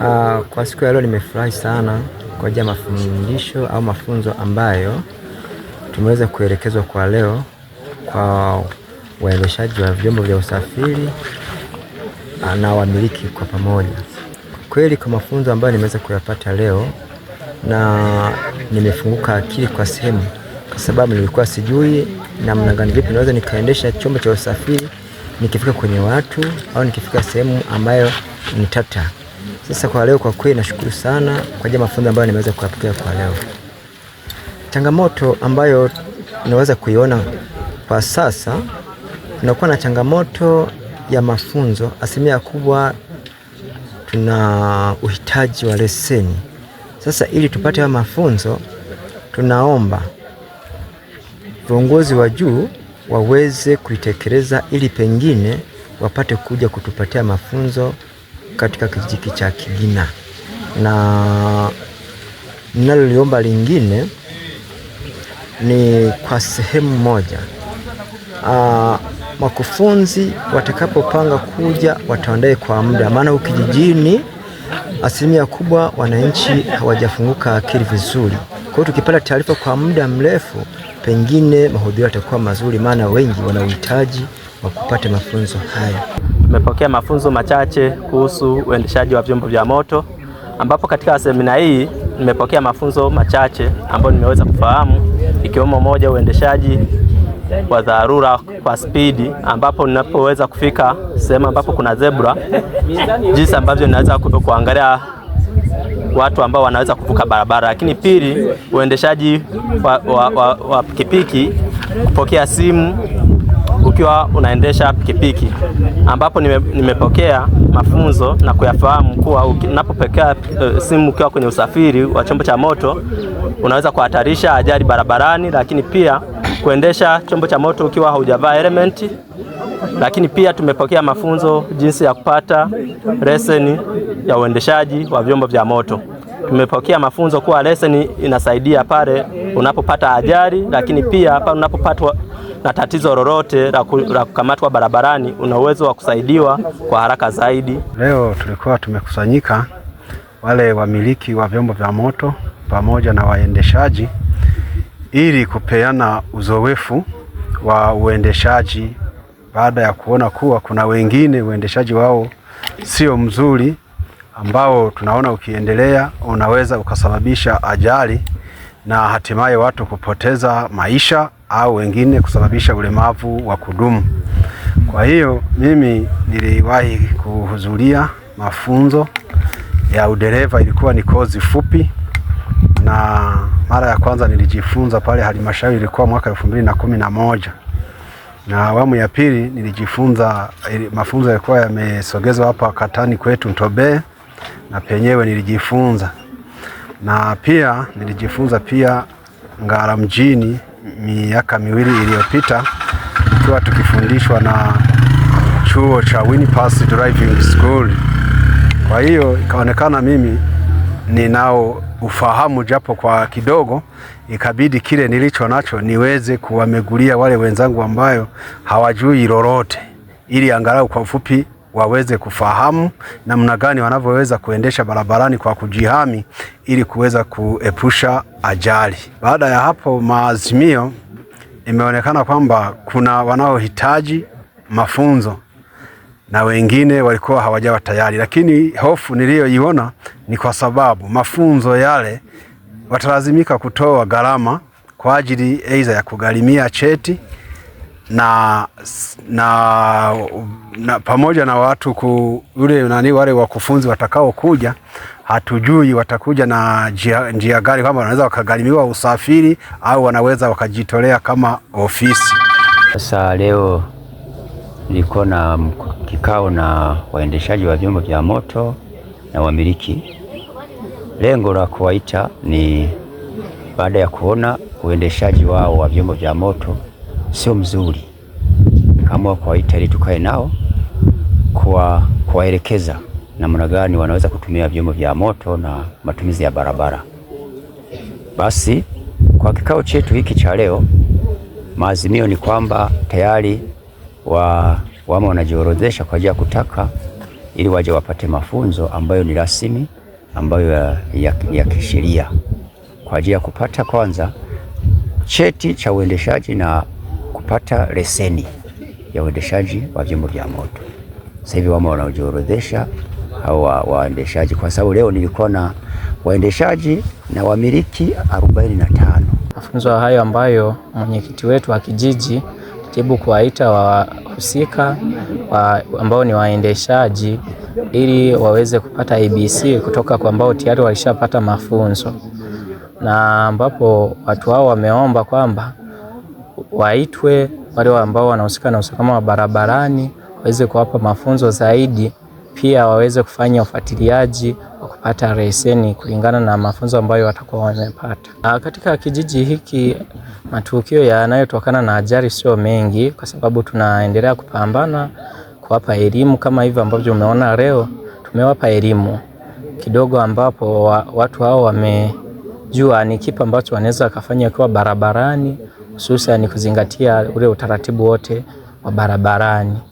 Uh, kwa siku ya leo nimefurahi sana kwa ajili ya mafundisho au mafunzo ambayo tumeweza kuelekezwa kwa leo kwa waendeshaji wa vyombo vya usafiri ah, na wamiliki kwa pamoja. Kweli kwa mafunzo ambayo nimeweza kuyapata leo na nimefunguka akili kwa sehemu, kwa sababu nilikuwa sijui namna gani, vipi naweza nikaendesha chombo cha usafiri nikifika kwenye watu au nikifika sehemu ambayo ni tata sasa kwa leo, kwa kweli nashukuru sana kwa ajili ya mafunzo ambayo nimeweza kuyapokea kwa leo. Changamoto ambayo naweza kuiona kwa sasa, tunakuwa na changamoto ya mafunzo. Asilimia kubwa tuna uhitaji wa leseni. Sasa ili tupate haya mafunzo, tunaomba viongozi wa juu waweze kuitekeleza ili pengine wapate kuja kutupatia mafunzo katika kijiji cha Kigina, na naloliomba lingine ni kwa sehemu moja aa, ah, makufunzi watakapopanga kuja wataandae kwa muda, maana huku kijijini asilimia kubwa wananchi hawajafunguka akili vizuri. Kwa hiyo tukipata taarifa kwa muda mrefu, pengine mahudhurio yatakuwa mazuri, maana wengi wana uhitaji wa kupata mafunzo haya. Tumepokea mafunzo machache kuhusu uendeshaji wa vyombo vya moto, ambapo katika semina hii nimepokea mafunzo machache ambayo nimeweza kufahamu, ikiwemo moja, uendeshaji wa dharura kwa spidi, ambapo ninapoweza kufika sehemu ambapo kuna zebra, jinsi ambavyo ninaweza kuangalia watu ambao wanaweza kuvuka barabara. Lakini pili, uendeshaji wa, wa, wa, wa pikipiki, kupokea simu ukiwa unaendesha pikipiki, ambapo nime, nimepokea mafunzo na kuyafahamu kuwa unapopokea uh, eh, simu ukiwa kwenye usafiri wa chombo cha moto unaweza kuhatarisha ajali barabarani, lakini pia kuendesha chombo cha moto ukiwa haujavaa helmet. Lakini pia tumepokea mafunzo jinsi ya kupata leseni ya uendeshaji wa vyombo vya moto. Tumepokea mafunzo kuwa leseni inasaidia pale unapopata ajali, lakini pia pale unapopatwa na tatizo lolote la kukamatwa barabarani, una uwezo wa kusaidiwa kwa haraka zaidi. Leo tulikuwa tumekusanyika wale wamiliki wa vyombo vya moto pamoja na waendeshaji ili kupeana uzoefu wa uendeshaji baada ya kuona kuwa kuna wengine uendeshaji wao sio mzuri ambao tunaona ukiendelea unaweza ukasababisha ajali na hatimaye watu kupoteza maisha au wengine kusababisha ulemavu wa kudumu. Kwa hiyo mimi niliwahi kuhudhuria mafunzo ya udereva, ilikuwa ni kozi fupi, na mara ya kwanza nilijifunza pale halmashauri ilikuwa mwaka elfu mbili na kumi na moja na awamu ya pili nilijifunza, mafunzo yalikuwa yamesogezwa hapa Katani kwetu Ntobeye na penyewe nilijifunza, na pia nilijifunza pia Ngara mjini miaka miwili iliyopita, tukiwa tukifundishwa na chuo cha Winpass Driving School. Kwa hiyo ikaonekana mimi ninao ufahamu japo kwa kidogo, ikabidi kile nilicho nacho niweze kuwamegulia wale wenzangu ambayo hawajui lolote, ili angalau kwa ufupi waweze kufahamu namna gani wanavyoweza kuendesha barabarani kwa kujihami ili kuweza kuepusha ajali. Baada ya hapo, maazimio imeonekana kwamba kuna wanaohitaji mafunzo na wengine walikuwa hawajawa tayari, lakini hofu niliyoiona ni kwa sababu mafunzo yale watalazimika kutoa gharama kwa ajili aidha ya kugharimia cheti na, na, na pamoja na watu ku, ule nani wale wakufunzi watakao kuja hatujui watakuja na njia, njia gari kwamba wanaweza wakagharimiwa usafiri au wanaweza wakajitolea kama ofisi. Sasa leo nilikuwa na kikao na waendeshaji wa vyombo vya moto na wamiliki. Lengo la kuwaita ni baada ya kuona uendeshaji wao wa vyombo vya moto sio mzuri. kama kuwaita ili tukae nao kwa kuwaelekeza namna gani wanaweza kutumia vyombo vya moto na matumizi ya barabara. Basi kwa kikao chetu hiki cha leo, maazimio ni kwamba tayari wa wama wanajiorodhesha kwa ajili ya kutaka ili waje wapate mafunzo ambayo ni rasmi ambayo ya, ya, ya kisheria kwa ajili ya kupata kwanza cheti cha uendeshaji na kupata leseni ya uendeshaji wa vyombo vya moto. Sasa hivi wamo wanaojiorodhesha au waendeshaji, kwa sababu leo nilikuwa na waendeshaji na wamiliki 45. Mafunzo hayo ambayo mwenyekiti wetu wa kijiji tibu kuwaita wahusika wa, ambao ni waendeshaji ili waweze kupata ABC kutoka kwa ambao tayari walishapata mafunzo na ambapo watu hao wameomba kwamba waitwe wale ambao wanahusika na usalama wa barabarani waweze kuwapa mafunzo zaidi, pia waweze kufanya ufuatiliaji wa kupata leseni kulingana na mafunzo ambayo watakuwa wamepata. Katika kijiji hiki matukio yanayotokana na ajali sio mengi, kwa sababu tunaendelea kupambana kuwapa elimu kama hivyo ambavyo umeona leo, tumewapa elimu kidogo, ambapo watu hao wamejua ni kipi ambacho wanaweza wakafanya wakiwa barabarani hususan kuzingatia ule utaratibu wote wa barabarani.